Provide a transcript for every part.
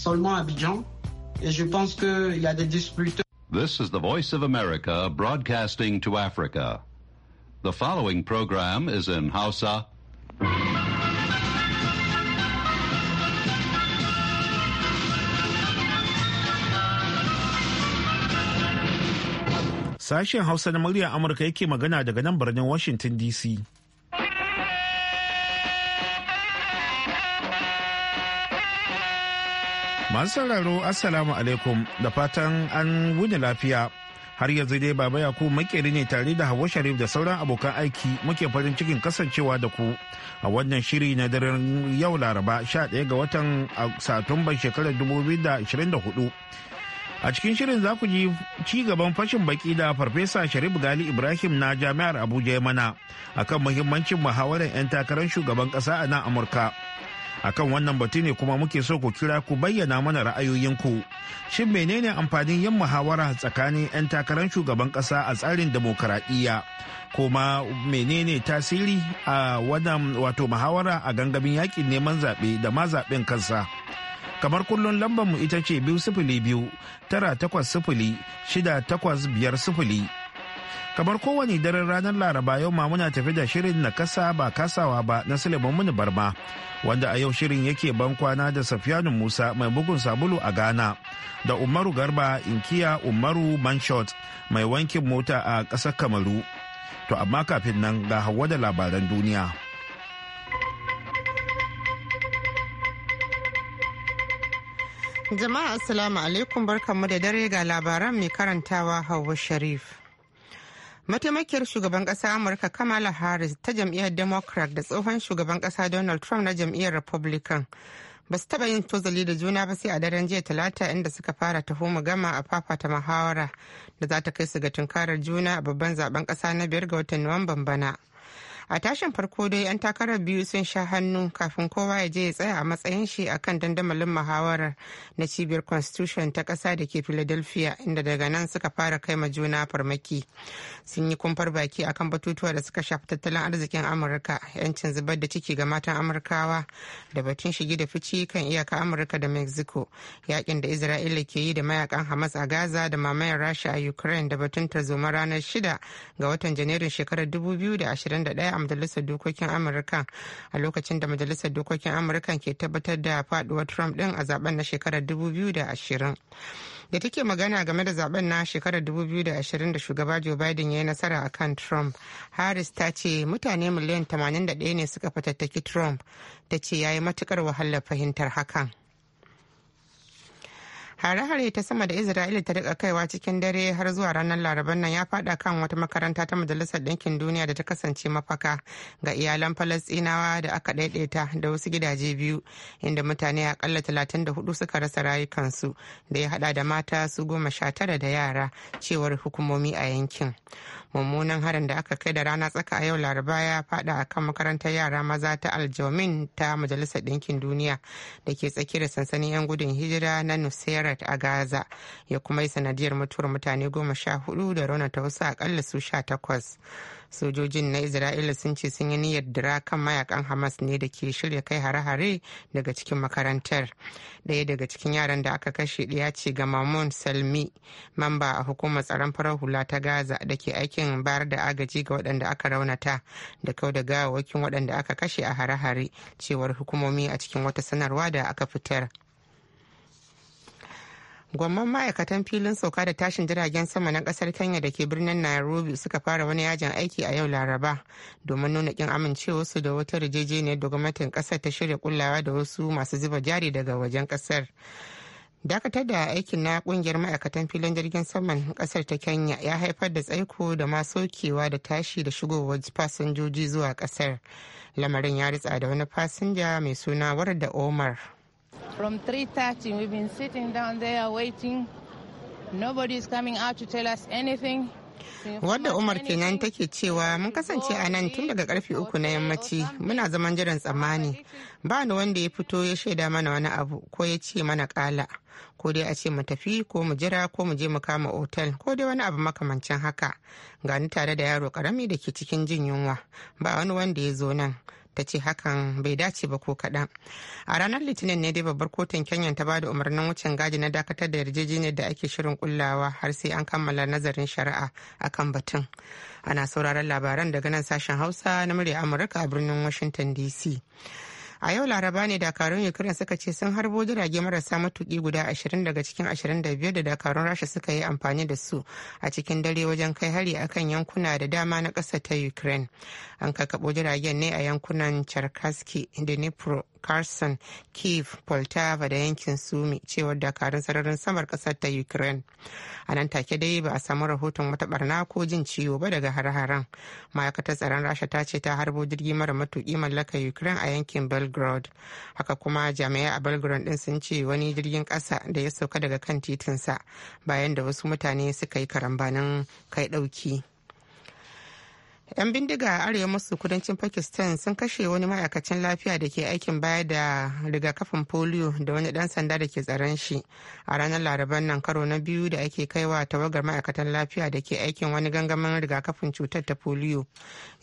seulement Abidjan. Et je pense qu'il y a des distributeurs. This is the Voice of America broadcasting to Africa. The following program is in Hausa. Sashen Hausa na murya Amurka yake magana daga nan birnin Washington DC. Masu sauraro Assalamu alaikum da fatan an wuni lafiya. Har yanzu dai Baba Yakubu makeri ne tare da Hawwa Sharif da sauran abokan aiki muke farin cikin kasancewa da ku a wannan shiri na daren yau Laraba 11 ga watan Satumban shekarar 2024. A cikin shirin za ku ji ci gaban fashin baki da Farfesa Sharif Gali Ibrahim na Jami'ar Abuja ya mana akan muhimmancin muhawarar 'yan takarar shugaban ƙasa a nan Amurka. akan wannan batu ne kuma muke so ku kira ku bayyana mana ra'ayoyinku shin menene amfanin yin muhawara tsakanin 'yan takarar shugaban kasa a tsarin demokaradiyya kuma menene tasiri a wannan wato muhawara a gangamin yakin neman zaɓe da ma zaɓen kansa kamar kullum lambar mu ita ce biyu sifili biyu tara takwas sifili shida takwas biyar sifili kamar kowane daren ranar laraba yau ma muna tafi da shirin na kasa ba kasawa ba na suleiman muni barma wanda a yau shirin yake ban kwana da safiyanu musa mai bugun sabulu a ghana da umaru garba inkiya umaru manshot mai wankin mota a ƙasar kamaru to amma kafin nan ga hawa da labaran duniya jama'a assalamu alaikum barkanmu da dare ga labaran mai karantawa hawa sharif Mataimakiyar shugaban ƙasa Amurka Kamala Harris ta jam'iyyar Democrat da tsohon shugaban ƙasa Donald Trump na jam'iyyar Republican ba su taɓa yin tozali da juna ba sai a daren jiya talata inda suka fara taho gama a ta muhawara da za ta kai su ga tunkarar juna a babban zaben ƙasa na biyar ga watan Nuwamban bana. a tashin farko dai 'yan takarar biyu sun sha hannu kafin kowa ya je ya tsaya a matsayin shi akan dandamalin muhawarar na cibiyar constitution ta ƙasa da ke philadelphia inda daga nan suka fara kai ma juna farmaki sun yi kumfar baki akan batutuwa da suka shafi tattalin arzikin amurka 'yancin zubar da ciki ga matan amurkawa da batun shige da fice kan iyaka amurka da mexico yakin da isra'ila ke yi da mayakan hamas a gaza da mamayar rasha a ukraine da batun tarzoma ranar shida ga watan janairun shekarar 2021 majalisar dokokin amurka a lokacin da majalisar dokokin amurka ke tabbatar da faduwar trump din a zaben na shekarar 2020 da take magana game da zaben na shekarar 2020 da shugaba joe biden ya yi nasara a kan trump harris ta ce mutane miliyan 81 ne suka fatattaki trump ta ce ya yi matukar wahalar fahimtar hakan hare-hare ta sama da isra'ila ta rika kaiwa cikin dare har zuwa ranar laraban nan ya fada kan wata makaranta ta majalisar ɗinkin duniya da ta kasance mafaka ga iyalan falastinawa da aka ɗaiɗaita da wasu gidaje biyu inda mutane akalla talatin da hudu suka rasa rayukansu da ya hada da mata su goma sha tara da yara cewar hukumomi a yankin mummunan harin da aka kai da rana tsaka a yau laraba ya fada a kan makarantar yara maza ta aljamin ta majalisar ɗinkin duniya da ke tsaki da sansanin 'yan gudun hijira na nusairat a gaza ya kuma yi sanadiyar mutuwar mutane goma sha hudu da raunata wasu akalla su sha takwas sojojin na isra'ila sun ce sun yi niyyar dira kan mayakan hamas ne da ke shirya kai hare-hare daga cikin makarantar ɗaya daga cikin yaran da aka kashe ɗaya ce ga mamun salmi mamba a hukumar tsaron farar hula ta gaza da ke aikin bayar da agaji ga waɗanda aka raunata da kau da gawawakin waɗanda aka kashe a hare-hare cewar hukumomi a cikin wata sanarwa da aka fitar gwamman ma'aikatan filin sauka da tashin jiragen sama na kasar kenya da ke birnin nairobi suka fara wani yajin aiki a yau laraba domin nuna kin amincewarsu da wata yarjejeniyar da gwamnatin kasar ta shirya kullawa da wasu masu zuba jari daga wajen kasar dakatar da aikin na kungiyar ma'aikatan filin jirgin saman kasar ta kenya ya haifar da tsaiko da ma da tashi da shigowar fasinjoji zuwa kasar lamarin ya ritsa da wani fasinja mai suna warda omar From 3.30 we've been sitting down there waiting. Nobody is coming out to tell us anything. wadda umar kenan take cewa mun kasance a nan tun daga karfe uku na yammaci muna zaman jiran tsammani ba ni wanda ya fito ya shaida mana wani abu ko ya ce mana kala ko dai a ce mu tafi ko mu jira ko mu je mu kama otal ko dai wani abu makamancin haka gani tare da yaro karami da ke cikin jin yunwa ba wani wanda ya zo nan ta ce hakan bai dace ba ko kaɗan a ranar litinin ne dai babbar kotun kenya ta bada umarnin wucin gadi na dakatar da yarjejeniyar da ake shirin kullawa har sai an kammala nazarin shari'a akan batun ana sauraron labaran daga nan sashen hausa na murya amurka a birnin washington dc a yau laraba ne dakarun ukraine suka ce sun harbo jirage marasa matuki guda 20 daga cikin ashirin da da dakarun rasha suka yi amfani da su a cikin dare wajen kai hari akan yankuna da dama na ƙasa ta ukraine an kakabo jiragen ne a yankunan cherkasky dnipro carson kiev poltava da yankin sumi cewar dakarun sararin samar kasar ta ukraine a nan take dai ba a samu rahoton wata barna ko jin ciwo ba daga har-haren ma'aikatar tsaron rasha ta ce ta harbo jirgi mara matuki mallaka ukraine a yankin belgrade haka kuma jami'a a belgrade din sun ce wani jirgin ƙasa da ya sauka daga kan titinsa bayan da wasu mutane suka yi karambanin kai ɗauki 'yan bindiga a arewa masu kudancin pakistan sun kashe wani ma'aikacin lafiya da ke aikin baya da rigakafin polio da wani dan sanda da ke tsaron shi a ranar laraban nan karo na biyu da ake kaiwa tawagar ma'aikatan lafiya da ke aikin wani gangamin rigakafin cutar ta polio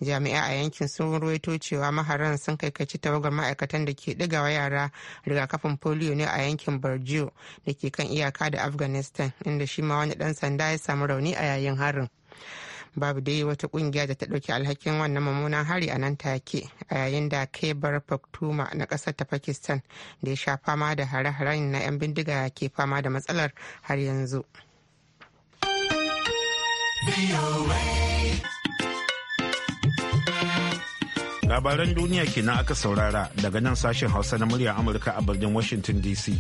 jami'a a yankin sun ruwaito cewa maharan sun kaikaci tawagar ma'aikatan da ke ɗigawa yara rigakafin polio ne a yankin borgeo da ke kan iyaka da afghanistan inda shi ma wani dan sanda ya samu rauni a yayin harin babu dai wata kungiya da ta ɗauki alhakin wannan mummunan hari a nan take a yayin da kebar paktuma na ƙasar ta pakistan da ya sha fama da hare-haren na 'yan bindiga ke fama da matsalar har yanzu. Labaran duniya ke kenan aka saurara daga nan sashen Hausa na murya Amurka a birnin Washington DC.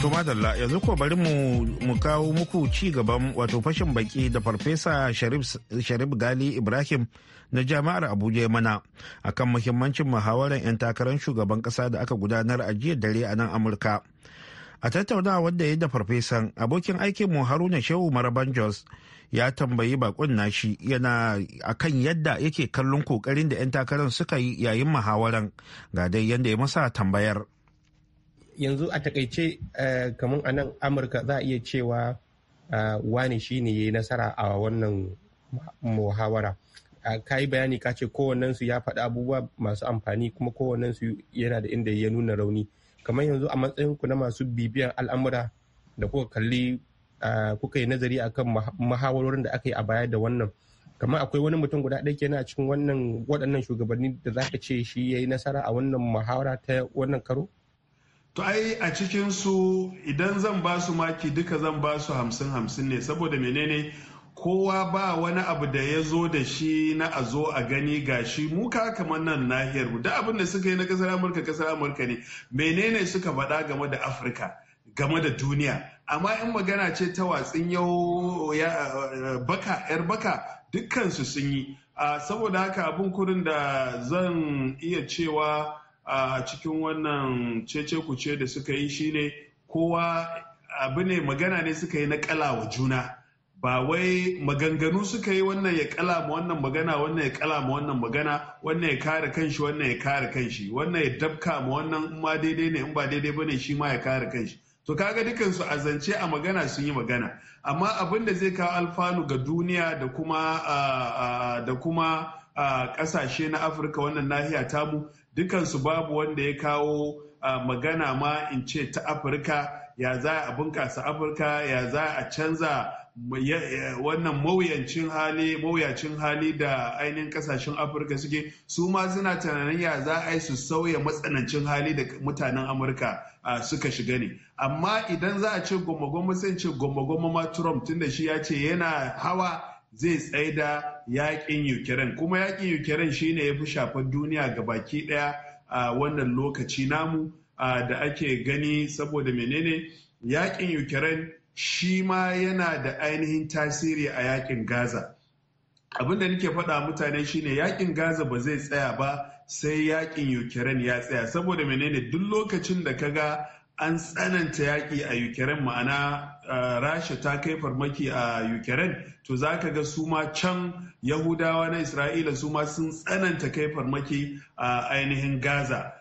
To madalla yanzu ko bari mu kawo muku ci gaban wato fashin baki da farfesa Sharif Gali Ibrahim na jami'ar Abuja mana akan muhimmancin muhawarar 'yan takarar shugaban kasa da aka gudanar a jiya dare a nan Amurka. A tattauna wanda ya da farfesan abokin aikin mu Haruna Shehu Maraban Jos ya tambayi bakon nashi yana akan yadda yake kallon kokarin da 'yan takarar suka yi yayin muhawarar ga dai yadda ya masa tambayar. yanzu a takaice eh, kamar a nan amurka za a iya cewa eh, wani shi ne ya yi nasara a wannan muhawara eh, ka yi bayani ka ce kowannensu ya faɗi abubuwa masu amfani kuma kowannensu yana da inda ya nuna rauni kamar yanzu a matsayinku na masu bibiyan al'amura da kuka kalli kuka yi nazari akan muhawarorin da aka yi a baya da wannan kamar akwai wani mutum guda ɗaya kenan a cikin wannan waɗannan shugabanni da za ka ce shi ya yi nasara a wannan muhawara ta wannan karo? to ai a cikin su idan zan ba su maki duka zan ba su hamsin hamsin ne saboda menene kowa ba wani abu da ya zo da shi na a zo a gani gashi mu ka kamar nan nahiyar mu da abin da suka yi na kasar amurka kasar amurka ne menene suka faɗa game da afirka game da duniya amma in magana ce ta watsin yau baka yar baka dukkansu sun yi saboda haka abin kurin da zan iya cewa a cikin wannan cece kuce da suka yi shine kowa abu ne magana ne suka yi na kalawa juna ba wai maganganu suka yi wannan ya kala ma wannan magana wannan ya kala ma wannan magana wannan ya kare kanshi wannan ya kare kanshi wannan ya dabka ma wannan in ma daidai ne in ba daidai bane shi ma ya kare kanshi to kaga dukansu a zance a magana sun yi magana amma abin da zai kawo alfanu ga duniya da kuma da kasashe na afirka wannan nahiya tamu dukansu babu wanda ya kawo magana ma in ce ta afirka ya za a bunƙasa afirka ya za a canza wannan mawuyacin hali mawuyacin hali da ainihin kasashen afirka suke su ma suna tunanin ya za a yi su sauya matsanancin hali da mutanen amurka suka shiga ne amma idan za a ce goma sai ce goma ma trump tunda shi ya ce yana hawa zai tsaida yakin ukraine kuma yakin ukraine shine ya fi shafar duniya ga baki daya a wannan lokaci namu da ake gani saboda menene yakin ukraine shi ma yana da ainihin tasiri a yakin gaza abinda da nake faɗa mutane shine yakin gaza ba zai tsaya ba sai yakin ukraine ya tsaya saboda menene duk lokacin da kaga an tsananta yaƙi a ukraine ma'ana rasha ta kai farmaki a ukraine to za ka ga su ma can yahudawa na isra'ila su ma sun tsananta kai farmaki a ainihin gaza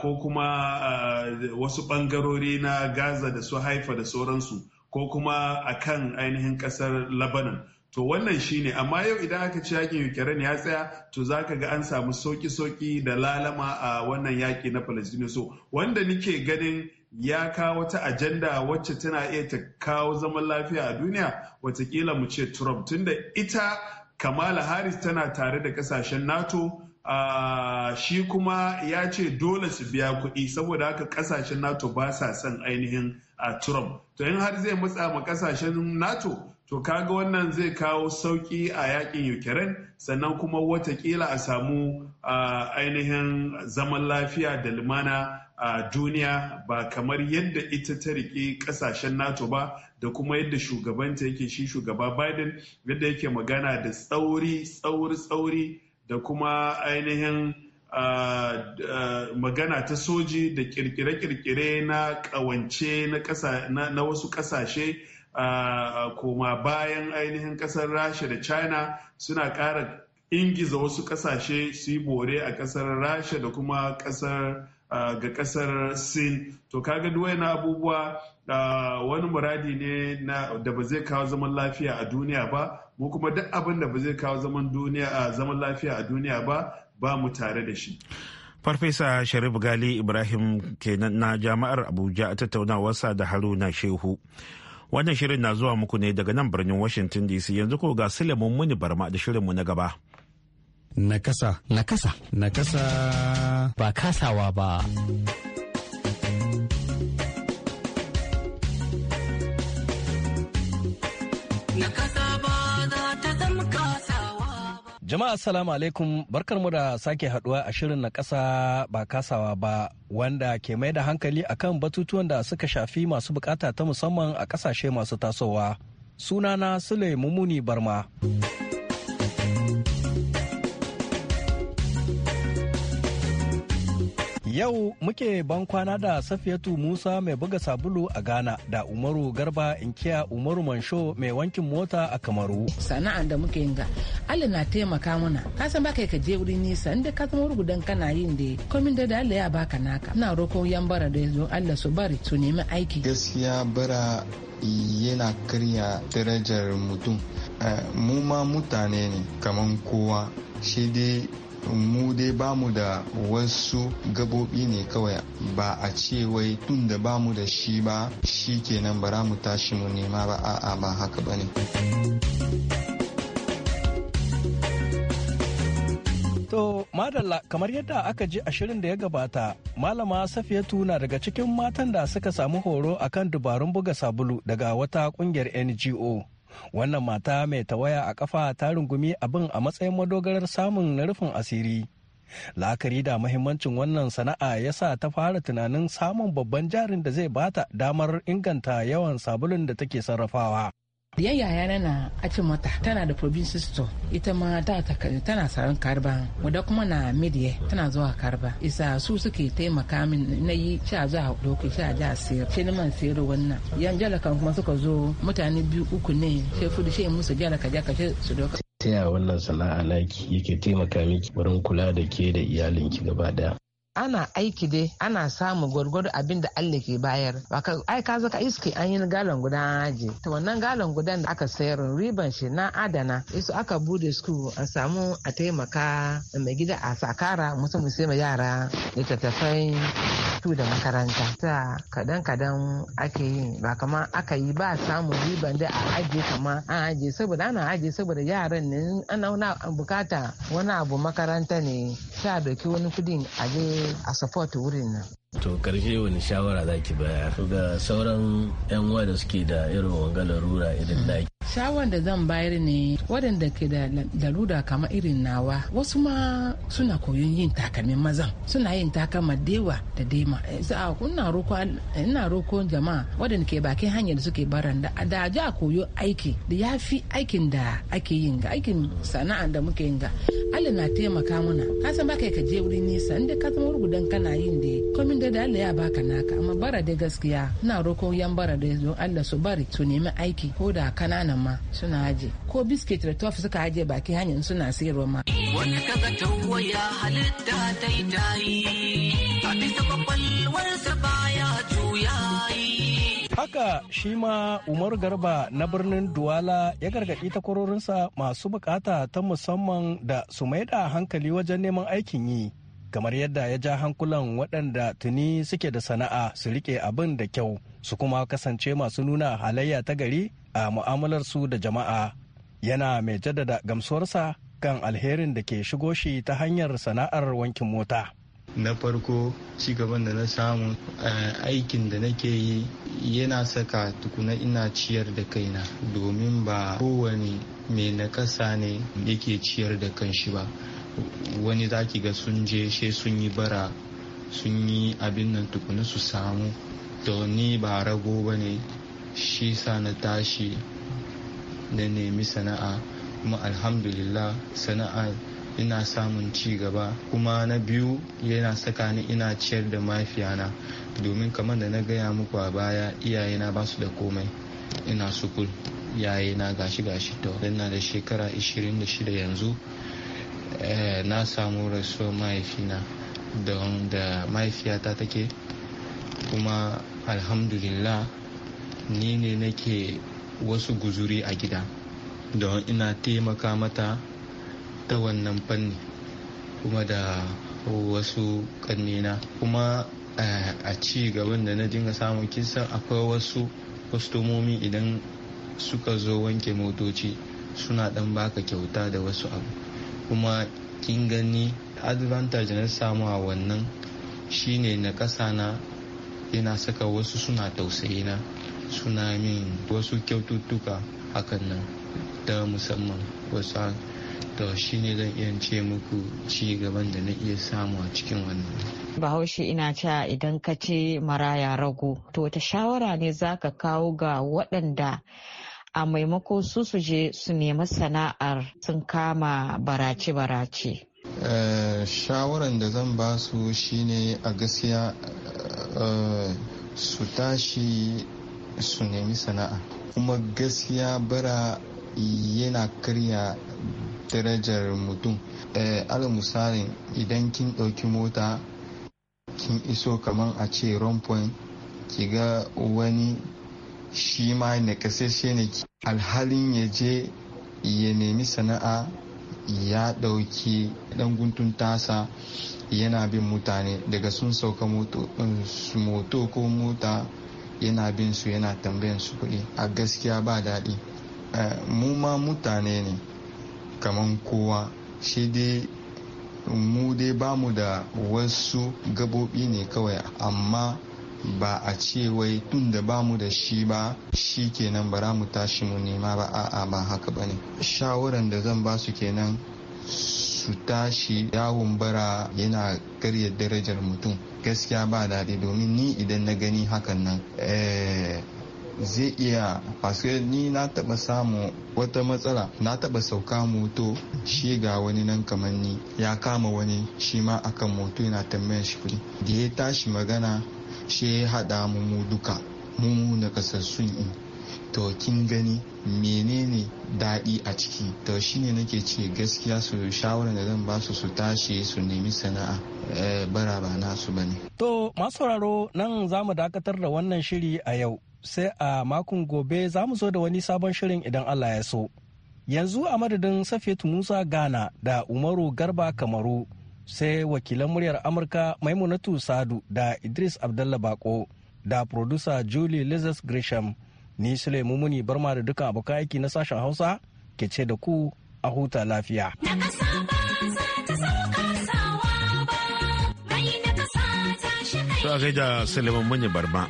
ko kuma wasu bangarori na gaza da su haifa da sauransu ko kuma a kan ainihin kasar labanan to wannan shine amma yau idan aka ci yakin ukraine ya tsaya to za ka ga an samu sauki soki da lalama a wannan yaki na palestine so wanda nike ganin ya kawo wata ajanda wacce tana iya ta kawo zaman lafiya a duniya watakila mu ce trump tunda ita kamala harris tana tare da kasashen nato a shi kuma ya ce dole su biya kuɗi saboda haka kasashen nato ba sa son ainihin a trump to in har zai matsa ma kasashen nato to kaga wannan zai kawo sauƙi a yakin ukraine sannan kuma watakila a samu ainihin zaman lafiya da lumana a duniya ba kamar yadda ita ta riƙe ƙasashen nato ba da kuma yadda shugabanta yake shi shugaba biden yadda yake magana da tsauri tsauri tsauri da kuma ainihin magana ta soji da kirkire-kirkire na ƙawance na wasu ƙasashe koma bayan ainihin ƙasar rasha da china suna ƙara ingiza wasu ƙasashe su yi bore a ƙasar rasha da kuma ƙasar ga kasar sin to kaga duwai na abubuwa wani muradi ne da ba zai kawo zaman lafiya a duniya ba mu kuma duk abin da ba zai kawo zaman lafiya a duniya ba ba mu tare da shi farfesa sharif gali ibrahim kenan na jami'ar abuja a tattaunawarsa da haruna shehu wannan shirin na zuwa muku ne daga nan birnin washington dc yanzu ko ga silamun muni barma da shirinmu na gaba Nakasa. Nakasa. Nakasa. Ba kasawa ba. Jama'a salamu alaikum barkarmu da sake haduwa a shirin na kasa ba kasawa ba wanda ke mai da hankali akan batutuwan da suka shafi masu bukata ta musamman a ƙasashe masu tasowa. Sunana Sule Mumuni Barma. Yau muke ban kwana da Safiyatu Musa mai buga sabulu a Ghana da Umaru Garba in Inkiya Umaru Mansho mai wankin mota a Kamaru. Sana'an da muke yin ga Allah na taimaka mana. Ka san baka ka je wurin nisa inda ka zama rugudan kana yin da komin da Allah ya baka naka. Ina roƙon yan bara da yanzu Allah su bari su nemi aiki. Gaskiya bara yana karya darajar mutum. Eh, mu ma mutane ne kamar kowa. Shi dai mu dai bamu da wasu gabobi ne kawai ba a ce wai tun da bamu da shi ba shi kenan bara mu tashi mu nema ba a'a ba haka bane. To, madalla kamar yadda aka ji ashirin da ya gabata, malama Safiyatu tuna daga cikin matan da suka samu horo akan dubarun buga sabulu daga wata kungiyar NGO. wannan mata mai tawaya a kafa ta rungumi abin a matsayin madogarar samun na rufin asiri la'akari da mahimmancin wannan sana'a ya sa ta fara tunanin samun babban jarin da zai bata damar inganta yawan sabulun da take sarrafawa yan yaya na na acin mata tana da province sisto ita ma tana saran karba wadda kuma na media tana zuwa karba isa su suke taimaka min na yi a zuwa doki a ja sayar shi ne man sayar wannan yan jalakan kuma suka zo mutane biyu uku ne sai fudu shi musu jalaka jaka sai su doka ta wannan sana'a naki yake taimaka miki wurin kula da ke da iyalinki gaba daya ana aiki dai ana samu gwargwado abin da Allah ke bayar ai ka zaka iske an yi galan guda aji to wannan galan gudan da aka sayar riban shi na adana isu aka bude su a samu a taimaka mai gida a sakara musu sai mai yara littattafai tu da makaranta ta kadan kadan ake yi ba kama aka yi ba samun riban da a aje kama an aje saboda ana aje saboda yaran ne ana bukata wani abu makaranta ne sha doki wani kudin aje a support wurin nan to karshe wani shawara zaki bayar ga sauran yan da suke da irin wangalar rura irin daki. shawar da zan bayar ne waɗanda ke da laluda kama irin nawa wasu ma suna koyon yin takalmin mazan suna yin takama dewa da dema eh, za ina roko jama'a waɗanda ke bakin hanyar da suke baran da da a koyo aiki da ya fi aikin da ake yin ga aikin sana'a da muke yin ga Allah na taimaka mana ka san baka ka je wurin nisa inda ka zama rugudan kana yin da komin da da Allah ya baka naka amma bara da gaskiya ina roko yan bara da Allah su bari su nemi aiki ko da kananan ma suna aje ko biskit da tof suka aje baki hanyar suna sayarwa ma wani ta ya halitta ta yi tayi a bisa kwakwalwarsa baya yi. Haka shi ma Umar Garba na birnin Duwala ya gargaɗi takwarorinsa masu bukata ta musamman da su maida hankali wajen neman aikin yi kamar yadda ya ja hankulan waɗanda tuni suke da sana'a su rike abin da kyau su kuma kasance masu nuna halayya ta gari a mu'amalarsu da jama'a yana mai jaddada gamsuwarsa kan alherin da ke shigo shi ta hanyar sana'ar wankin mota na farko cigaban da na samu aikin da nake yi yana saka tukuna ina ciyar da kaina domin ba kowane mai nakasa ne yake ciyar da kanshi ba wani zaki ga sun je she sun yi bara sun yi abin nan tukuni su samu to ni ba rago ba ne shi sa na tashi na nemi sana'a kuma alhamdulillah sana'a ina samun ci gaba kuma na biyu yana saka ni ina ciyar da mafiyana domin kamar da na gaya muku a baya iyayena ba su da komai ina sukul yayena gashi gashi to na da shekara 26 yanzu Eh, na samu rasuwar mahaifina don da mahaifiyata take kuma alhamdulillah ni ne nake wasu guzuri a gida don ina taimaka mata ta wannan fanni kuma da wasu kannina kuma eh, a ci gaban da na dinga samun kisan akwai wasu kwastomomi idan suka zo wanke motoci suna dan baka kyauta da wasu abu kuma kin gani advantage na samu a wannan shine na ƙasa na yana saka wasu suna tausayi na suna min wasu kyaututtuka hakan nan da musamman wasu to ne zan iya ce muku ci gaban da na iya samu a cikin wannan bahaushe ina cewa idan ka ce maraya rago to ta shawara ne za ka kawo ga waɗanda a maimako su su je su nemi sana'ar sun kama barace-barace. Eh, shawaran da zan ba su shine a gaskiya eh, su tashi su nemi sana'a kuma gaskiya bara yana karya darajar mutum eh, ala misalin idan kin ɗauki mota kin iso kamar a ce point ki ga wani shi ma nakasashe ne alhalin ya je ya nemi sana'a ya ɗauki ɗan guntun tasa yana bin mutane daga sun sauka moto um, ko mota yana bin su yana tambayan su kuɗi a gaskiya ba daɗi eh, mu ma mutane ne kamar kowa shi dai mu dai bamu da wasu gabobi ne kawai amma ba a ce wai tun da ba mu da shi ba shi kenan bara mu tashi mu nema ba a'a ba haka ba ne shawaran da zan ba su kenan su tashi yawon bara yana karya darajar mutum gaskiya ba daɗi domin ni idan na gani hakan nan eh, zai iya paske ni na taba samu wata matsala na taɓa sauka moto shi ga wani nan kamar ni ya kama wani shi ma akan moto yana tambayar shi kuɗi da ya tashi magana shi ya haɗa mu duka mu na sun yi to kin gani menene daɗi a ciki to shine nake ce gaskiya su shawarar da zan basu su tashi su nemi sana'a eh, bara ba nasu bane to masu sauraro nan za mu dakatar da wannan shiri a yau sai a makon gobe za mu zo da wani sabon shirin idan Allah ya so yanzu a madadin safetu musa ghana da umaru garba kamaru sai wakilan muryar amurka maimunatu sadu da idris abdalla bako da producer julie lizas gresham ni sulaimu muni barma da duka abokan aiki na sashen hausa ke ce da ku a huta lafiya to a gaida Suleiman munyi barma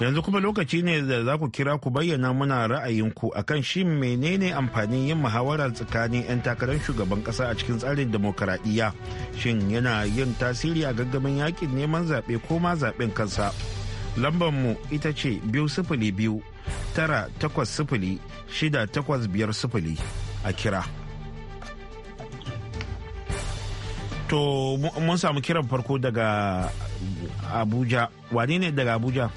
Yanzu kuma lokaci ne da za ku kira ku bayyana muna ra'ayinku akan shi menene amfanin yin muhawara tsakanin 'yan takarar shugaban kasa a cikin tsarin demokaradiyya shin yana yin tasiri a gaggamin yakin neman zaɓe ko ma zaɓen kansa. Lambar mu ita ce biyu sifili biyu tara takwas sifili shida takwas biyar sifili a kira. To mun samu kiran farko daga Abuja. Wane ne daga Abuja?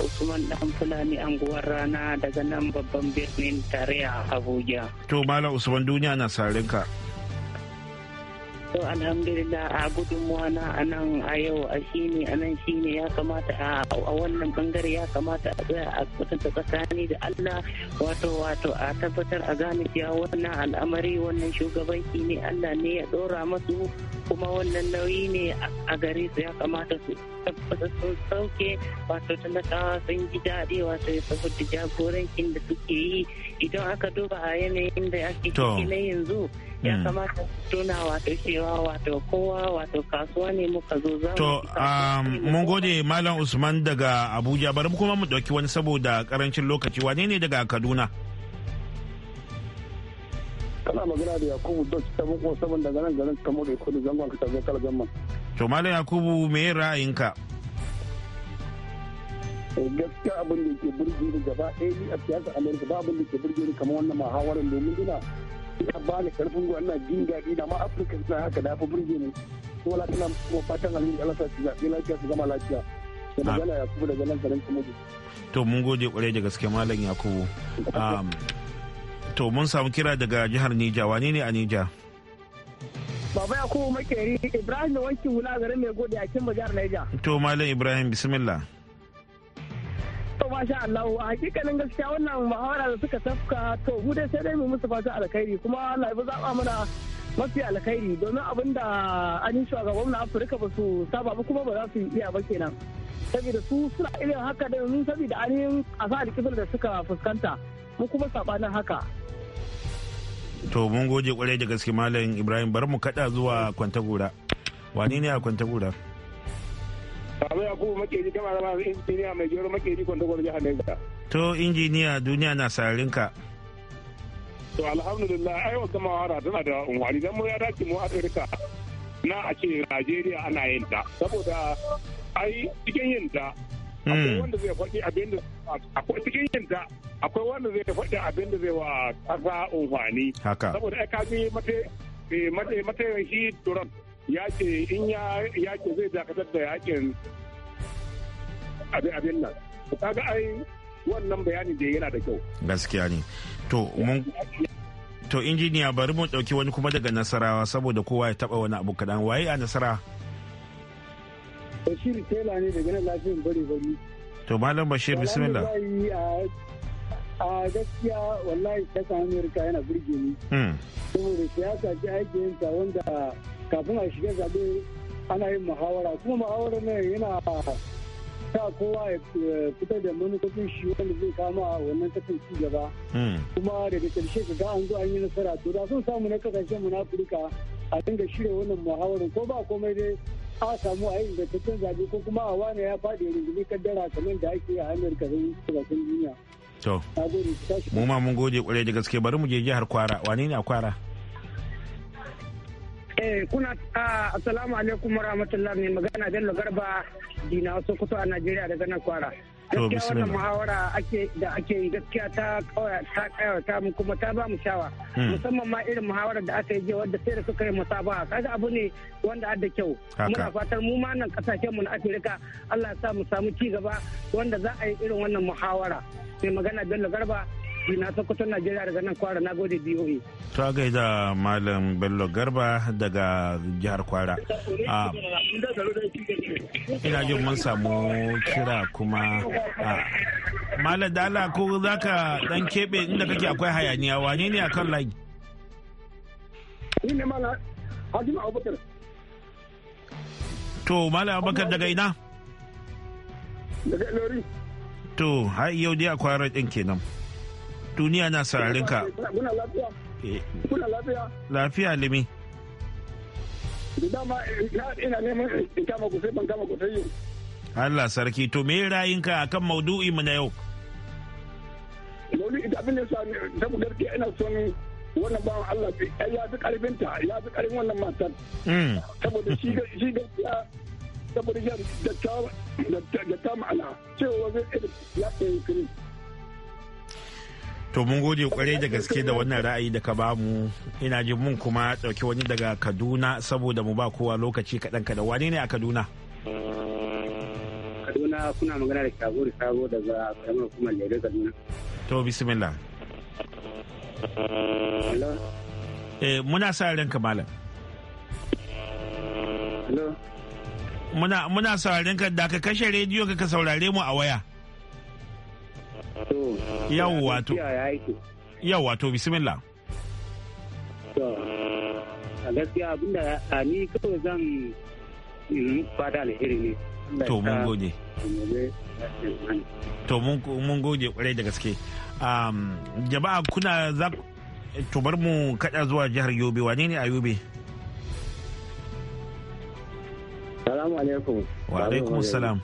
Usman Dan Fulani anguwar rana daga nan babban birnin tare a Abuja. To Malam Usman duniya na sarinka. To alhamdulillah a gudunmuwa na a nan a yau a ne a nan ne ya kamata a wannan bangare ya kamata a tsaya a kusanta tsakani da Allah wato wato a tabbatar a gane cewa wannan al'amari wannan shugabanci ne Allah ne ya dora masu kuma wannan nauyi ne a gare su ya kamata su tabbata sun sauke wato talakawa sun ji daɗi wato saboda jagorancin da suke yi idan aka duba a yanayin da ake ciki na yanzu ya hmm. kamata tuna wato cewa wato kowa wato kasuwa ne muka zo za to um, mun gode malam usman daga abuja bari kuma mu dauki wani saboda karancin lokaci wane ne daga kaduna kana magana da yakubu dot sabon ko sabon daga nan garin kamo da kudu zangon ka tabbata kala gamman to malam yakubu me ra'ayinka eh, gaskiya abin da ke burge ni gaba ɗaya ni a siyasar america ba abin da ke burge ni kamar wannan mahawarin domin ina ya ba ni karfin gwa ina jin daɗi na ma afirka suna haka da fi burge ni kuma lafiya na kuma fatan alheri allah sa su zaɓe lafiya su zama lafiya da magana ya kuma daga nan garin kuma to mun gode kwarai da gaske malam yakubu to mun samu kira daga jihar nija wani ne a nija Baba Yakubu Makeri Ibrahim da wanki wula garin mai gode a cikin bajar Niger. To Malam Ibrahim bismillah. To masha Allah hakikanin gaskiya wannan muhawara da suka tafka to mu dai sai dai mu musu fata alkhairi kuma Allah ya zaba mana mafi alkhairi domin abin da an yi shugaban na Afirka ba su saba ba kuma ba za su iya ba kenan. Saboda su suna irin haka da mun saboda ainihin asar kifin da suka fuskanta mu kuma sabanin haka. To mun goje kwarai da gaske Malam Ibrahim bari mu kada zuwa Kwantagura. Wani ne a Kwantagura? kama injiniya mai jihar Niger. To injiniya duniya na sararin To alhamdulillah ai wata mawara tana da unwani dan mu ya dace mu Afirka na a ce Najeriya ana yin saboda ai cikin yin hmm. akwai wanda zai faɗi abin zai wa ƙasa unwani. Haka. Saboda ai eh, shi Trump yake in ya ce zai dakatar da yakin abin nan kaga ai wannan bayanin da yana da kyau gaskiya ne to mun to injiniya bari mu dauki wani kuma daga nasarawa saboda kowa ya taba wani abu kadan waye a nasara bashir tela ne daga nan lafiyan bare bari to malam bashir bismillah a gaskiya wallahi kasan amurka yana burge ni hmm. saboda siyasa ce ake yin wanda kafin a shiga zaɓe ana yin muhawara kuma muhawara ne yana sa kowa ya eh, fitar da manufofin shi wanda zai kama a wannan kasan ci gaba hmm. kuma daga ƙarshe ka ga an zo an yi nasara to da sun samu na kasashen mu na afirka a dinga shirya wannan muhawarar ko ba komai dai a samu a yi ingantaccen zaɓe ko kuma a wane ya faɗi rundumi kaddara kamar da ake a amurka zai kasashen duniya. to mu ma mun gode kwarai da gaske bari mu je jihar kwara wane ne a kwara. Eh, kuna a assalamu alaikum warahmatullahi ne magana Bello Garba Dina Sokoto a Najeriya da nan kwara. Gaskiya wannan muhawara da ake yi gaskiya ta ta ta mu kuma ta ba mu shawa. Hmm. Musamman ma irin muhawara da aka yi jiya wadda sai da suka yi musabaha kaga abu ne wanda da kyau. Muna fatar mu ma nan kasashen mu na Afirka Allah ya sa mu samu ci gaba wanda za a yi irin wannan muhawara. mai magana Bello Garba na sokoton najeriya daga nan kwara na gode boe ta gaida malam bello garba daga jihar kwara ina jin mun samu kira kuma malam dala ko za ka dan keɓe inda kake akwai hayaniya wane ne kan layi ne malam abubakar to malam abubakar daga ina daga ilori to har yau dai a kwarar ɗin kenan duniya na sararin ka muna lafiya eh. muna lafiya lafiya limi dama eh, ina neman in kama ku sai ban kama ku sai Allah sarki to me ra'ayinka akan maudu'i mu na yau maudu'i da abin da sa mu garke ina son wannan ba Allah eh, ya fi karfin ta ya fi karfin wannan matar hmm. saboda shi shi gaskiya saboda ya da ta da ta ma'ana cewa zai ya yi kiri to mun gode kwarai da gaske da wannan ra'ayi da ka ba mu ina jin mun kuma ɗauki wani daga kaduna saboda mu ba kowa lokaci kaɗan kaɗan wane ne a kaduna eh, kaduna kuna magana da shago da shago daga karamar kuma lere kaduna to bismillah eh muna sa ranka malam muna muna ran ka da ka kashe rediyo ka ka saurare mu a waya yau wato. yawwa to bismillah a gaskiya abinda a ni kawai zan fada alheri ne to mun goge. to mun gode kwarai da gaske jama'a kuna za to bar mu kada zuwa jihar yobe wane ne a yobe salamu alaikum wa alaikum salam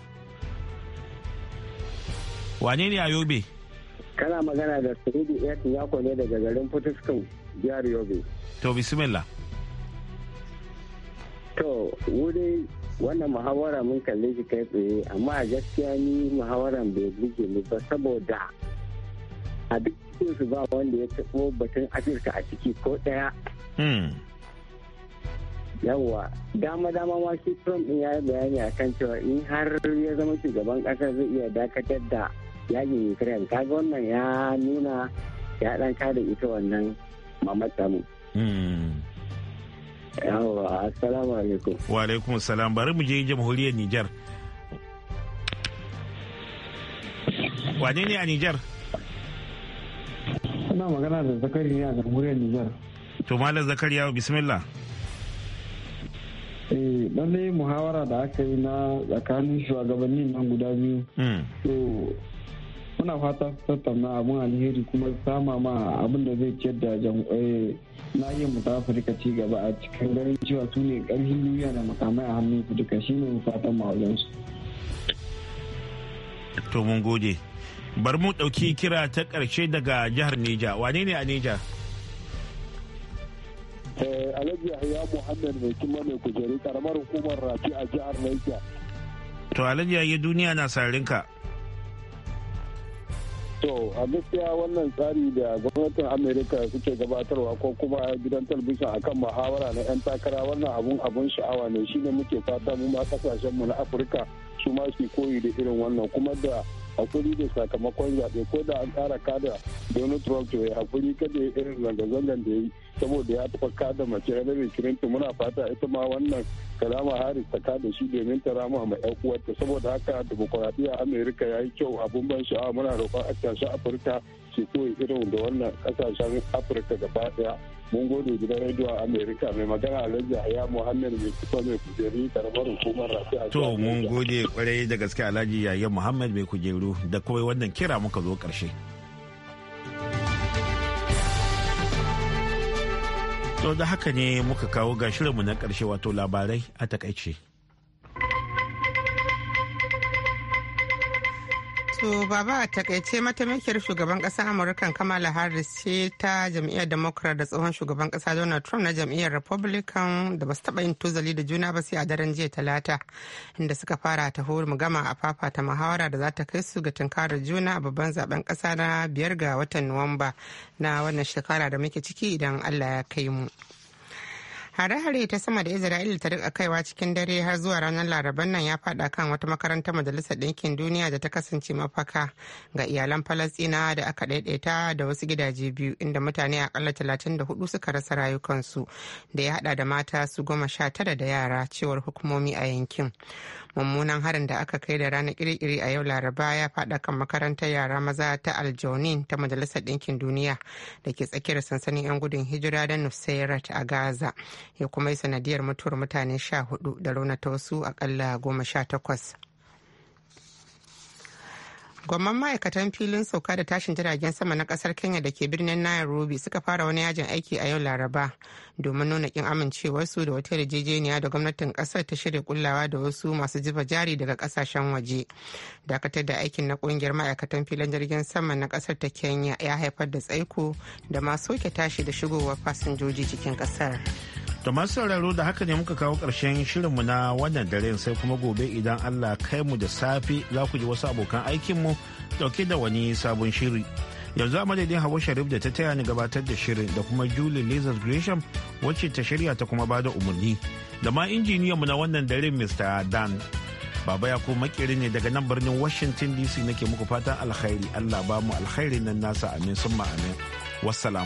wane ne a yobe kana magana da surudu yakin yako ne daga garin fotiskan jihar yobe to bismillah to wuri wannan muhawara mun kalle shi kai tsaye amma a gaskiya ni muhawaran bai buge ni ba saboda a duk su ba wanda ya taɓo batun afirka a ciki ko ɗaya hmm. yawwa dama dama ma shi trump ya yi bayani a kan cewa in har ya zama shugaban ƙasa zai iya dakatar da yakin ukraine kaga wannan ya nuna ya dan da ita wannan mamatamu hmm. yawa assalamu alaikum wa alaikum salam bari mu je jamhuriyar niger wane ne a niger suna magana da zakari ne a jamhuriyar niger to malam zakari yawo bismillah eh lallai muhawara da aka yi na tsakanin shugabannin nan guda biyu hmm. to muna fata su tattauna abin alheri kuma sama ma abin da zai ciyar da jam'iyyar eh, nahiyar mu ta afirka ci gaba a cikin ganin cewa su ne karfin duniya da makamai a hannun su duka ne mu fatan ma su. to mun gode bari mu ɗauki kira ta karshe daga jihar neja wane ne a neja. Eh, Alhaji Yahya Muhammad mai mai kujeru karamar hukumar rafi a jihar Niger. To Alhaji Yahya duniya na sarinka. To a gaskiya wannan tsari da gwamnatin Amerika suke gabatarwa ko kuma gidan talabijin akan muhawara na 'yan takara wannan abun abun sha'awa ne shine muke fata mu ma mu na Afirka su ma su koyi da irin wannan kuma da hakuri da sakamakon zaɓe ko da an ƙara kada donald trump to ya hakuri kada ya irin zanga-zangan da ya yi saboda ya taɓa kada mace hillary clinton muna fata ita ma wannan kalama harris ta kada shi domin ta rama mai yan uwarta saboda haka demokuraɗiyya amerika ya yi kyau abun ban sha'awa muna roƙon a afirka su koyi irin da wannan ƙasashen afirka gaba ɗaya mun gode gidan radio a america mai magana alhaji ya muhammad mai kusa mai kujeru karamar hukumar rafi to mun gode kwarai da gaske alhaji yaya muhammad mai kujeru da kawai wannan kira muka zo karshe to da haka ne muka kawo ga shirinmu na karshe wato labarai a takaice To baba takaice mataimakiyar shugaban kasar Amurkan Kamala Harris ce ta jam'iyyar Democrat da tsohon shugaban kasa Donald Trump na jam'iyyar Republican da ba su taɓa yin tuzali da juna ba sai a daren jiya talata inda suka fara ta mu gama a fafata muhawara da za ta kai su ga tunkara juna a babban zaben kasa na biyar ga watan Nuwamba na wannan shekara da muke ciki idan Allah ya kai mu. hare-hare ta sama da isra'ila ta rika kaiwa cikin dare har zuwa ranar laraban nan ya fada kan wata makarantar majalisar ɗinkin duniya da ta kasance mafaka ga iyalan falastina da aka ɗaiɗaita da wasu gidaje biyu inda mutane akalla talatin da hudu suka rasa rayukansu da ya hada da mata su goma sha tara da yara cewar hukumomi a yankin mummunan harin da aka kai da ranar kirkiri a yau laraba ya fada kan makarantar yara maza ta aljonin ta majalisar ɗinkin duniya da ke tsakiyar sansanin 'yan gudun hijira da nusairat a gaza ya kuma yi sanadiyar mutuwar mutane 14 hudu da raunata wasu akalla 18. Gwamman ma'aikatan filin sauka da tashin jiragen sama na kasar Kenya da ke birnin Nairobi suka fara wani yajin aiki a yau Laraba domin nuna kin amincewarsu da wata yarjejeniya da gwamnatin kasar ta shirya kullawa da wasu masu zuba jari daga kasashen waje. Dakatar da aikin na kungiyar ma'aikatan filin jirgin sama na kasar ta Kenya ya haifar da tsaiko da masu soke tashi da shigowar fasinjoji cikin kasar. To masu sauraro da haka ne muka kawo ƙarshen shirinmu na wannan daren sai kuma gobe idan Allah kai mu da safe za ku ji wasu abokan aikinmu dauke da wani sabon shiri. Yanzu a madadin Hawa Sharif da ta taya ni gabatar da shirin da kuma Julie Lizard Gresham wacce ta shirya ta kuma bada umarni. Da ma mu na wannan daren Mr. Dan. Baba ya ku makeri ne daga nan birnin Washington DC nake muku fatan alkhairi Allah ba mu alkhairi nan nasa amin summa amin. Wassalam.